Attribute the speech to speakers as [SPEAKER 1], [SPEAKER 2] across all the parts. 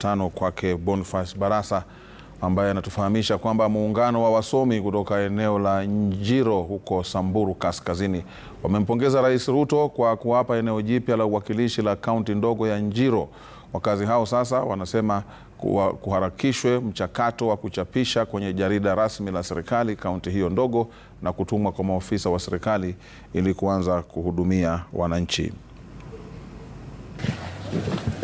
[SPEAKER 1] tano kwake Boniface Barasa ambaye anatufahamisha kwamba muungano wa wasomi kutoka eneo la Njiro huko Samburu Kaskazini wamempongeza Rais Ruto kwa kuwapa eneo jipya la uwakilishi la kaunti ndogo ya Njiro. Wakazi hao sasa wanasema kuharakishwe mchakato wa kuchapisha kwenye jarida rasmi la serikali kaunti hiyo ndogo na kutumwa kwa maofisa wa serikali ili kuanza kuhudumia wananchi.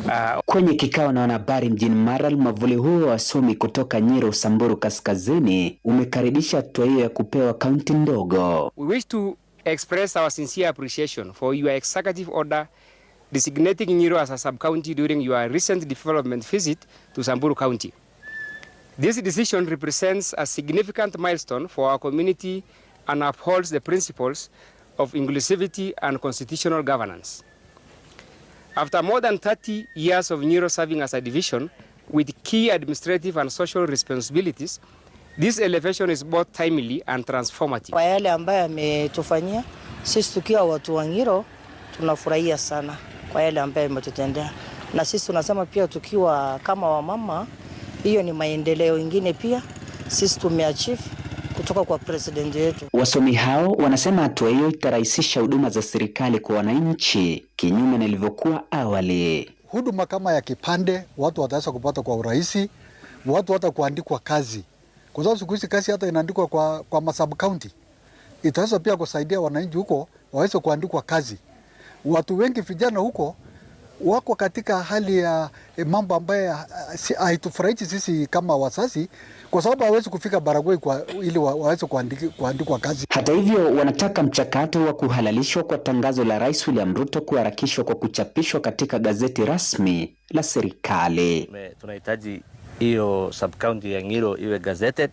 [SPEAKER 2] Uh, kwenye kikao na wanahabari mjini Mara, mwavuli huo wa wasomi kutoka Nyiro, Samburu Kaskazini umekaribisha hatua hiyo ya kupewa kaunti ndogo.
[SPEAKER 3] We wish to express our sincere appreciation for your executive order designating Nyiro as a sub-county during your recent development visit to Samburu County. This decision represents a significant milestone for our community and upholds the principles of inclusivity and constitutional governance. After more than 30 years of Nyiro serving as a division with key administrative and social responsibilities, this elevation is both timely and transformative.
[SPEAKER 4] Kwa yale ambayo ametufanyia sisi tukiwa watu wa Nyiro tunafurahia sana kwa yale ambayo ametutendea, na sisi tunasema pia tukiwa kama wamama, hiyo ni maendeleo ingine pia sisi tumeachieve kutoka kwa president yetu.
[SPEAKER 2] Wasomi hao wanasema hatua hiyo itarahisisha huduma za serikali kwa wananchi kinyume na ilivyokuwa awali.
[SPEAKER 5] Huduma kama ya kipande watu wataweza kupata kwa urahisi, watu hata kuandikwa kazi, kwa sababu siku hizi kazi hata inaandikwa kwa, kwa masub county. Itaweza pia kusaidia wananchi huko waweze kuandikwa kazi. Watu wengi vijana huko wako katika hali ya eh, mambo ambayo eh, haitufurahishi sisi kama wazazi, kwa sababu hawezi kufika Baragoi kwa ili waweze kuandikwa kazi.
[SPEAKER 2] Hata hivyo, wanataka mchakato wa kuhalalishwa kwa tangazo la Rais William Ruto kuharakishwa kwa kuchapishwa katika gazeti rasmi la serikali.
[SPEAKER 6] Tunahitaji hiyo subcounty ya Ngiro iwe gazeted,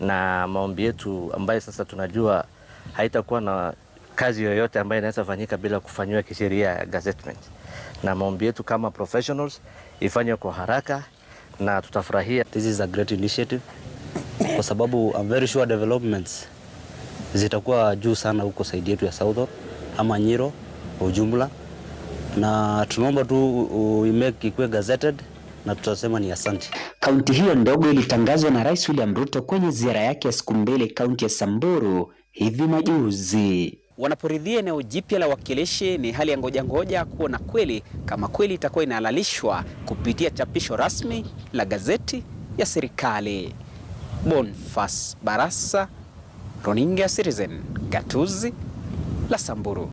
[SPEAKER 6] na maombi yetu ambayo sasa tunajua haitakuwa na kazi yoyote ambayo inaweza fanyika bila kufanyiwa kisheria gazetment na maombi yetu kama professionals ifanywe kwa haraka na tutafurahia.
[SPEAKER 7] This is a great initiative kwa sababu I'm very sure developments zitakuwa juu sana huko saidi yetu ya Southern ama Nyiro kwa ujumla, na tunaomba tu uimeke ikuwe gazetted na tutasema ni asante.
[SPEAKER 2] Kaunti hiyo ndogo ilitangazwa na Rais William Ruto kwenye ziara yake ya siku mbili kaunti ya Samburu hivi majuzi
[SPEAKER 8] wanaporidhia eneo jipya la uwakilishi ni hali ya ngoja ngoja kuona kweli kama kweli itakuwa inahalalishwa kupitia chapisho rasmi la gazeti ya serikali. Bonfas Barasa, Roninga Citizen, gatuzi la Samburu.